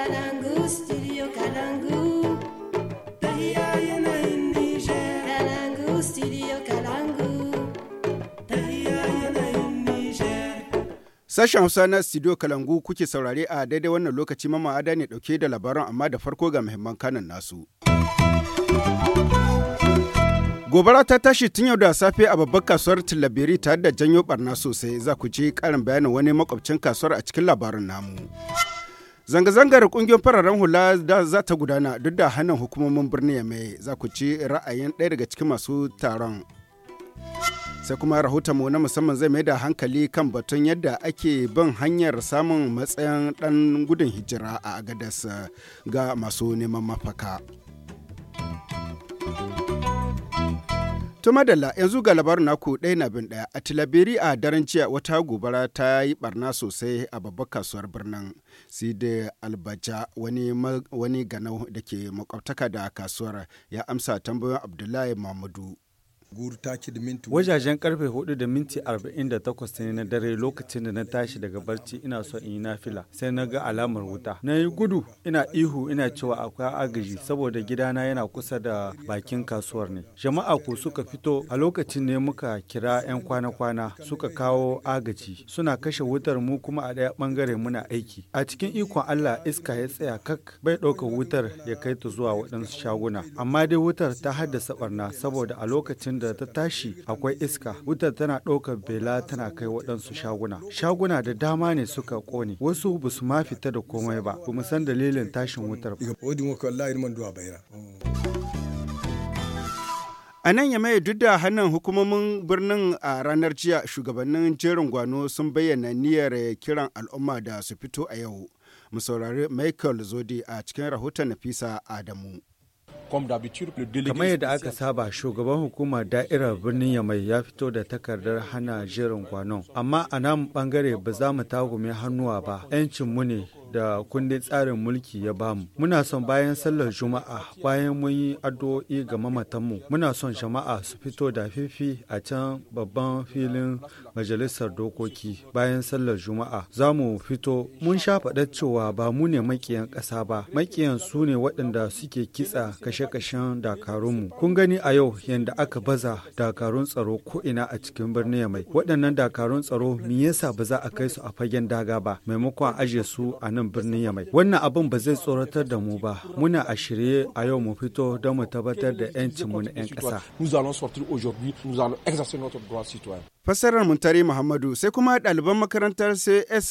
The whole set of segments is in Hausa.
Kalangu, Sashen Hausa na studio Kalangu kuke saurare a daidai wannan lokaci mama ada ne dauke da labaran amma da farko ga muhimman kanan nasu. Gobara ta tashi tun yau da safe a babbar kasuwar Tillaberi tare da janyo barna sosai za ku ji karin bayanin wani makwabcin kasuwar a cikin labarin namu. Zanga-zangar kungiyar fararen hula da za ta gudana duk da hannun hukumomin birnin ya mai za ku ci ra'ayin ɗaya daga cikin masu taron. Sai kuma rahotonmu na musamman zai mai da hankali kan batun yadda ake bin hanyar samun matsayin ɗan gudun hijira a Agadas ga masu neman mafaka. To madalla yanzu ga labarin naku ɗaya na bin ɗaya a Tilabiri a daren jiya wata gobara ta yi barna sosai a babbar kasuwar birnin Sidi Albaja wani wani ganau da ke makwabtaka da kasuwar ya amsa tambayoyin Abdullahi Mahmudu. Wajajen karfe 4 da minti 48 ne na dare lokacin da na tashi daga barci ina so in yi nafila sai na ga alamar wuta. Na yi gudu ina ihu ina cewa akwai agaji saboda gidana yana kusa da bakin kasuwar ne. Jama'a ko suka fito a lokacin ne muka kira 'yan kwana-kwana suka kawo agaji suna kashe wutar mu kuma a ɗaya ɓangare muna aiki. A cikin ikon Allah iska ya tsaya kak bai ɗaukar wutar ya kai ta zuwa waɗansu shaguna. Amma dai wutar ta haddasa ɓarna saboda a lokacin da ta tashi akwai iska wutar tana ɗaukar bela tana kai waɗansu shaguna shaguna da dama ne suka ƙone wasu ba su ma fita da komai ba ba san dalilin tashin wutar ba. A nan Yamai duk da hannun hukumomin birnin a ranar jiya shugabannin jerin gwano sun bayyana niyyar kiran al'umma da su fito a yau. Mu saurari Michael Zodi a cikin rahoton Nafisa Adamu. Kamar yadda aka saba shugaban hukumar da'irar birnin Yamai ya fito da takardar hana jerin kwanon. Amma a nan bangare ba za mu tagume hannuwa ba, 'yancin mu ne da kundin tsarin mulki ya bamu. Muna son bayan sallar Juma'a bayan mun yi addu'o'i ga mamatanmu muna son jama'a su fito da fifi a can babban filin majalisar dokoki bayan sallar Juma'a za mu fito mun sha faɗa cewa ba mu ne makiyan ƙasa ba makiyan su ne waɗanda suke kitsa kashe-kashen dakarunmu. Kun gani a yau yadda aka baza dakarun tsaro ko'ina a cikin birnin mai waɗannan dakarun tsaro me yasa ba za a kai su a fagen daga ba maimakon a ajiye su a nan nan birnin Yamai. Wannan abin ba zai tsoratar da mu ba. Muna a shirye a yau mu fito don mu tabbatar da 'yancinmu na 'yan ƙasa. Fassarar Muntari Muhammadu sai kuma ɗaliban makarantar CS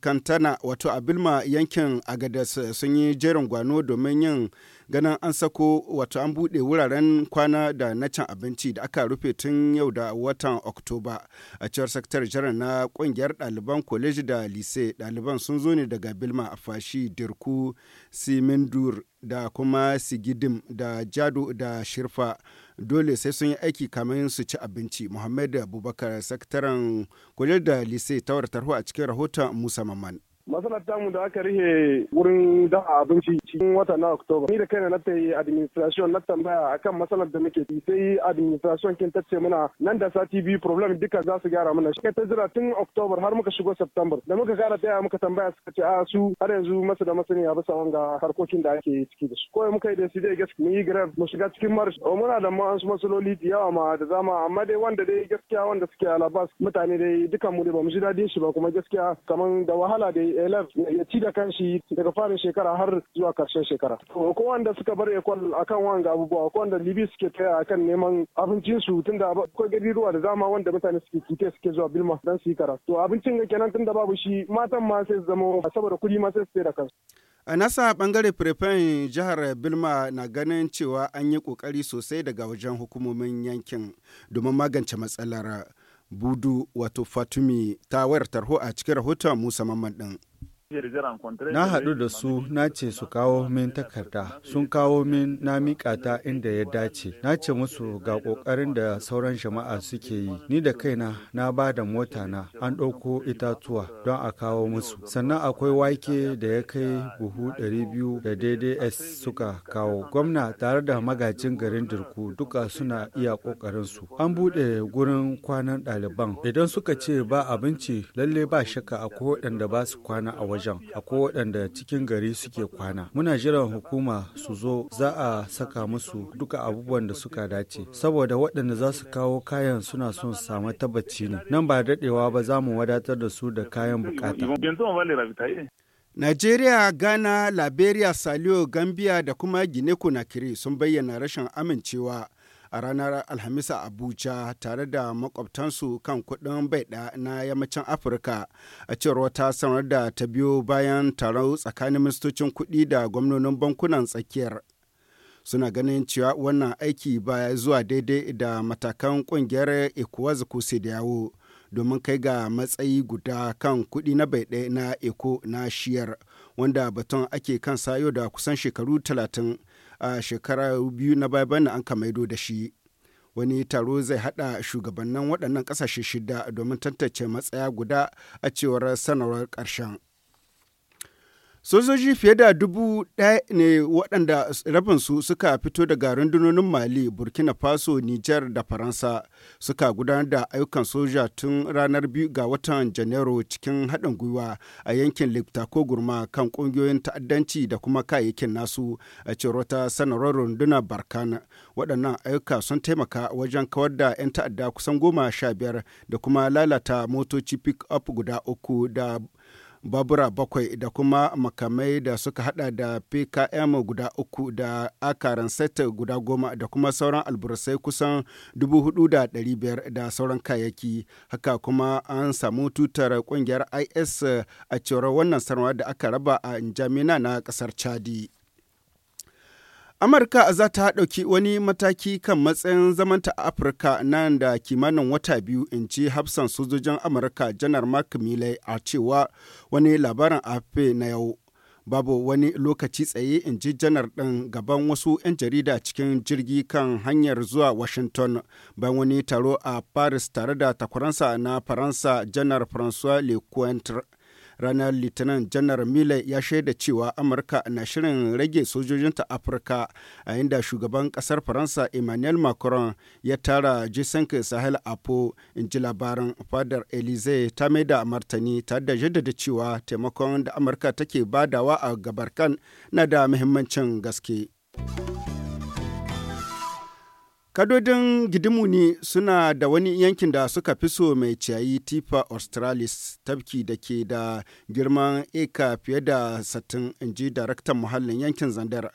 Kantana wato Abilma yankin Agadas sun yi jerin gwano domin yin ganin an sako wato an buɗe wuraren kwana da na cin abinci da aka rufe tun yau da watan oktoba a cewar sakatar jiran na kungiyar ɗaliban kwaleji da lise ɗaliban sun zo ne daga bilma a fashi dirku simindur da kuma sigidim da jado da shirfa dole sai sun yi aiki kamar su ci abinci muhammad abubakar sakataren kwaleji da lise tawar tarho a cikin rahoton musa maman Masalar tamu da aka rihe wurin dafa abinci cikin wata na Oktoba. Ni da kaina na ta yi administration na tambaya akan masalar da muke yi sai administration kin ce mana nan da sati biyu problem duka za su gyara mana. Shi ta jira tun Oktoba har muka shigo September. Da muka kara taya muka tambaya suka ce a su har yanzu masu da a bisa wanga harkokin da ake ciki da su. Ko muka yi da su dai gaskiya mu yi grab mu shiga cikin marsh. Muna da ma wasu masaloli da yawa ma da zama amma dai wanda dai gaskiya wanda suke alabas mutane dai dukan mu dai ba mu ji dadin shi ba kuma gaskiya kaman da wahala dai elef ya ci da kanshi daga farin shekara har zuwa karshen shekara ko wanda suka bar ekol akan wanga abubuwa ko wanda libi suke taya akan neman abincin su da akwai ruwa da dama wanda mutane suke kite suke zuwa bilma dan su yi karatu to abincin ga kenan da babu shi matan ma sai su zama saboda kuɗi ma sai su da kansu a nasa bangare prefen jihar bilma na ganin cewa an yi kokari sosai daga wajen hukumomin yankin domin magance matsalar budu wato fatumi ta wayar tarho a cikin rahoton musa mamman din Na haɗu da su na ce su kawo min takarda, sun kawo min na miƙa ta inda ya dace. Na ce musu ga ƙoƙarin da sauran jama'a suke yi. Ni da kaina na ba da mota na an ɗauko itatuwa don a kawo musu. Sannan akwai wake da ya kai buhu 200 da daidai S suka kawo. Gwamna tare da magajin garin Dirku duka suna iya ƙoƙarin su. An buɗe gurin kwanan ɗaliban. Idan suka ce ba abinci lalle ba shakka akwai waɗanda ba su kwana a waje. wajen akwai waɗanda cikin gari suke kwana muna jiran hukuma su zo za a saka musu duka abubuwan da suka dace saboda waɗanda za su kawo kayan suna son samu tabbaci ne nan ba daɗewa ba za mu wadatar da su da kayan bukata Najeriya, Ghana, Liberia, salio Gambia da kuma Guinea-Conakry sun bayyana rashin amincewa a ranar Alhamis a Abuja tare da makwabtansu kan kuɗin baiɗa na yammacin Afirka a cewar wata sanar da ta biyo bayan taron tsakanin ministocin kudi da gwamnonin bankunan tsakiyar. suna ganin cewa wannan aiki ba zuwa daidai da matakan kungiyar ecowas ko yawo domin kai ga matsayi guda kan kudi na bai na eco na shiyar wanda batun ake kan sayo da kusan shekaru talatin a shekara biyu na baya bayan an maido da shi wani taro zai hada shugabannin waɗannan ƙasashe shida domin tantance matsaya guda a cewar sanarwar ƙarshen. sojoji fiye da dubu ɗaya ne waɗanda rabinsu suka fito daga rundunonin mali burkina faso niger da faransa suka gudanar da ayyukan soja tun ranar biyu ga watan janairu cikin haɗin gwiwa a yankin lipta ko gurma kan ƙungiyoyin ta'addanci da kuma kayayyakin nasu a cewar ta sanarwar runduna barkan waɗannan ayyuka sun taimaka wajen kawar da 'yan ta'adda kusan goma sha biyar da kuma lalata motoci pick up guda uku da babura bakwai da kuma makamai da suka hada da pkm guda uku da akaran set guda goma da kuma sauran alburusai kusan 4,500 da sauran kayaki haka kuma an samu tutar kungiyar is a cewar wannan sanarwa da aka raba a njamina na kasar chadi. Amurka za ta ɗauki wani mataki kan matsayin zamanta a Afirka nan da kimanin wata biyu in ci hafsan sojojin Amurka janar Mark Milley a cewa wani labarin afe na yau. Babu wani lokaci tsaye in ji janar ɗin gaban wasu 'yan jarida cikin jirgi kan hanyar zuwa Washington bayan wani taro a Paris tare da takwaransa na Faransa janar François Lecointre. ranar litinin janar mile ya shaida cewa amurka na shirin rage sojojinta afirka a inda shugaban kasar faransa emmanuel macron ya tara g5 sahel apo in ji labarin fadar elize ta mai da martani tare da jaddada cewa taimakon da amurka take badawa a gabarkan na da muhimmancin gaske. Kadodin ne suna da wani yankin da suka fi so mai ciyayi Tifa Australis tafki da ke da girman eka fiye da satin inji daraktan muhallin yankin Zandar.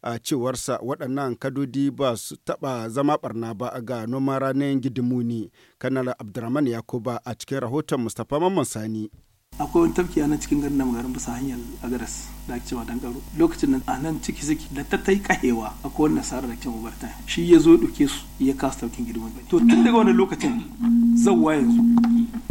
a cewarsa waɗannan kadodi ba su taɓa zama barna ba ga noman ranar gidimu ne kanar abdurrahman yakuba a cikin rahoton mustapha mamman sani akwai wani tafki a nan cikin garin nan garin bisa hanyar agaras da ake cewa dan karo lokacin nan a nan ciki ciki da ta tai kahewa akwai wani nasara da ke mubarta shi ya zo ɗauke su ya kasa taukin girman to tun daga wani lokacin zawwa yanzu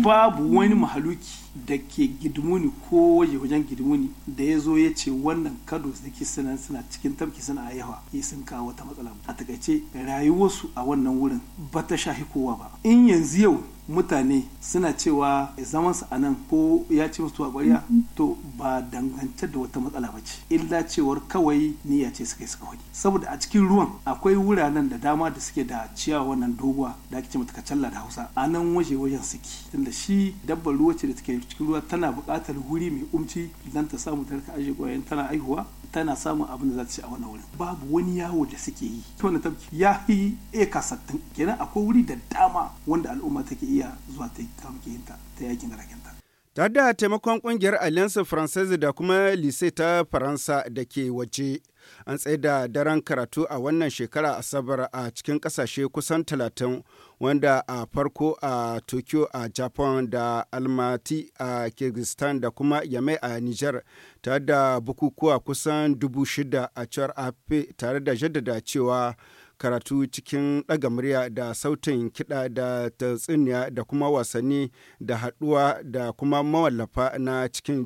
babu wani mahaluki da ke gidimuni ko waje wajen gidimuni da ya zo ya ce wannan kado da ke suna suna cikin tafki suna a yawa ya sun kawo wata matsala a takaice rayuwarsu a wannan wurin ba ta shahi kowa ba in yanzu yau mutane suna cewa zaman su anan ko ya ci musu a ƙwarya mm-hmm. to ba dangance da wata matsala ba ce illa cewar kawai niyya ce suka yi suka faɗi saboda a cikin ruwan akwai wuraren da dama da suke da ciyawa wannan doguwa da ake ce mata kacalla da Hausa anan waje wajen suke tunda shi dabbar ruwa ce da take cikin ruwa tana buƙatar wuri mai umci dan ta samu ta rika aje 'yan tana aihuwa tana samun abin da za ta ci a wannan wurin babu wani yawo da suke yi na tafki ya fi eka sattin kenan akwai wuri da dama wanda al'umma take iya zuwa ta yi ta ta yakin rakinta ta da taimakon kungiyar alliance française da kuma lise ta faransa da ke waje an da daren karatu a wannan shekara asabar a cikin kasashe kusan 30 wanda a farko a tokyo a japan da almaty a kyrgyzstan da kuma yamai a niger tare da bukukuwa kusan 6,000 a cewar afe tare da jaddada cewa karatu cikin ɗaga murya da sautin kiɗa da tatsuniya da kuma wasanni da haɗuwa da kuma mawallafa na cikin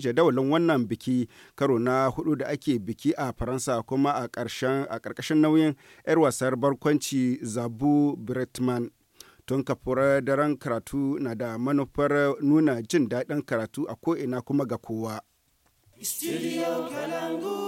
jadawalin wannan biki karo na hudu da ake biki a faransa kuma a ƙarƙashin nauyin 'yar wasar barkwanci zabu bretman tun kafura daren karatu na da manufar nuna jin daɗin karatu a ko'ina kuma ga kowa. Studio Kalangu.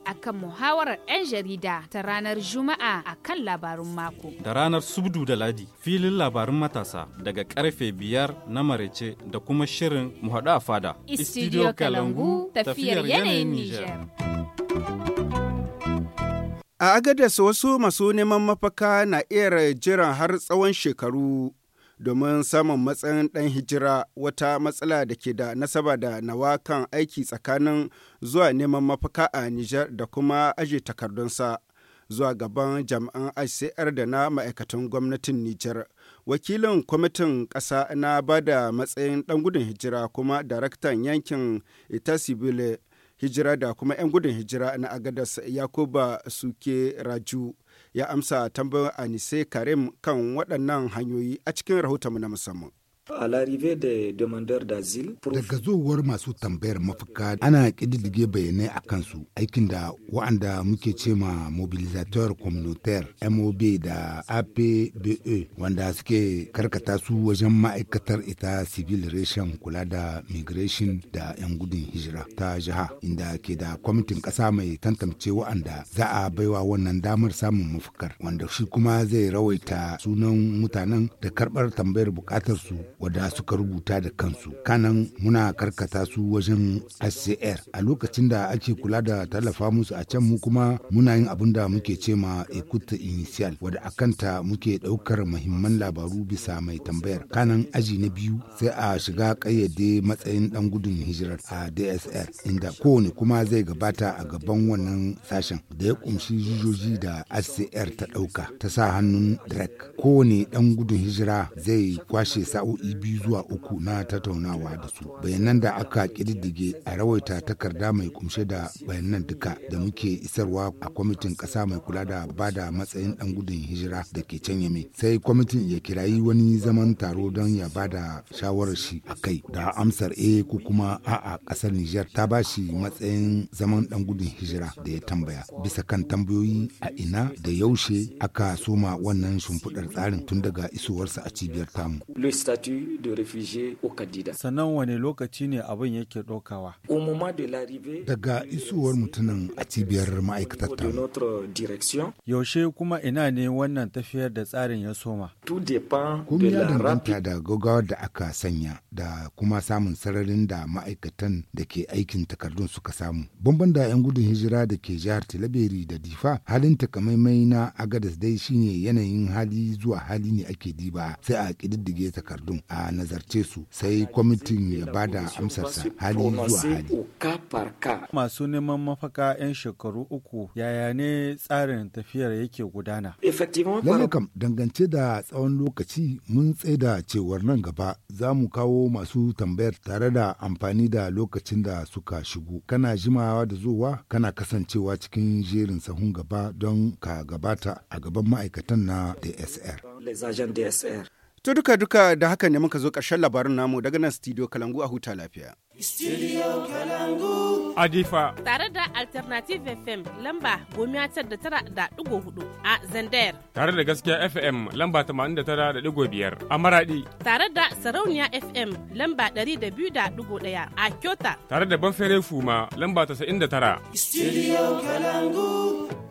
akan muhawarar 'yan jarida ta ranar Juma'a a kan labarun mako. Da ranar Subdu da Ladi filin labarun matasa daga karfe biyar na marece da kuma shirin muhaɗu a fada. Istidiyo Kalangu tafiyar yanayin Nijar. A agadas wasu masu neman mafaka na iya jiran har tsawon shekaru domin samun matsayin ɗan hijira wata matsala da ke da nasaba da nawa kan aiki tsakanin zuwa neman mafaka a Nijar da kuma aje takardunsa zuwa gaban jami'an ICR da na ma'aikatan gwamnatin Nijar. Wakilin kwamitin ƙasa na ba da matsayin ɗan gudun hijira kuma daraktan yankin Itasibile hijira da kuma 'yan gudun hijira na Agadas Yakuba Suke Raju. ya amsa tambayoyin Anise Karim kan waɗannan hanyoyi a cikin rahotonmu na musamman. A l'arrivée des demandeurs d'asile. Daga zuwar masu tambayar mafaka ana ƙididdige bayanai a kansu aikin da wa'anda muke ce ma mobilisateur communautaire MOB da APBE wanda suke karkata su wajen ma'aikatar ita civil reshen kula da migration da 'yan gudun hijira ta jiha inda ke da kwamitin ƙasa mai tantance wa'anda za a baiwa wannan damar samun mafakar wanda shi kuma zai rawaita sunan mutanen da karɓar tambayar buƙatar su wadda suka rubuta da kansu kanan muna karkata su wajen scr a lokacin da ake kula da tallafa musu a can mu kuma muna yin abin da muke ce ma ekuta initial wadda a kanta muke ɗaukar mahimman labaru bisa mai tambayar kanan aji na biyu sai a shiga kayyade matsayin ɗan gudun hijirar a dsr inda kowane kuma zai gabata a gaban wannan sashen da ya ƙunshi jijoji da scr ta ɗauka ta sa hannun drek kowane ɗan gudun hijira zai kwashe sa'o'i sa'o'i biyu zuwa uku na tattaunawa da su bayanan da aka kididdige a rawaita takarda mai kumshe da bayanan duka da muke isarwa a kwamitin ƙasa mai kula da ba da matsayin ɗan gudun hijira da ke can yame sai kwamitin ya kirayi wani zaman taro don ya ba da shawarar shi a kai da amsar e ko kuma a kasar nijar ta ba shi matsayin zaman ɗan gudun hijira da ya tambaya bisa kan tambayoyi a ina da yaushe aka soma wannan shimfiɗar tsarin tun daga isowarsa a cibiyar tamu. Le statut de réfugiés au Kadida. Sannan wane lokaci ne abin yake ɗaukawa? Daga isuwar mutumin a cibiyar ma'aikatar ta. Yaushe kuma ina ne wannan tafiyar da tsarin ya soma? Kuma ya danganta da gaggawar da aka sanya da kuma samun sararin da ma'aikatan da ke aikin takardun suka samu. Bamban da 'yan gudun hijira da ke jihar Talabiri da Difa halin takamaimai na Agadas dai shine yanayin hali zuwa hali ne ake diba sai a ƙididdige takardun a nazarce su sai kwamitin ya ba da amsarsa hali zuwa hali. Masu neman mafaka 'yan shekaru uku yaya ne tsarin tafiyar yake gudana? Lalle dangance da tsawon lokaci mun tsaida cewar nan gaba za mu kawo masu tambayar tare da amfani da lokacin da suka shigo. Kana jimawa da zuwa kana kasancewa cikin jerin sahun gaba don ka gabata a gaban ma'aikatan na DSR. To duka duka da haka ne muka zo ƙarshen labarin namu daga nan studio Kalangu a huta lafiya. Studio Kalangu. Adifa. Tare da Alternative FM lamba gomiya tar da tara da ɗigo hudu a Zandayar. Tare da gaskiya FM lamba tamanin da tara da ɗigo biyar a Maradi. Tare da Sarauniya FM lamba ɗari da biyu da ɗigo ɗaya a Kyota. Tare da Banfere Fuma lamba tasa'in da tara. Studio Kalangu.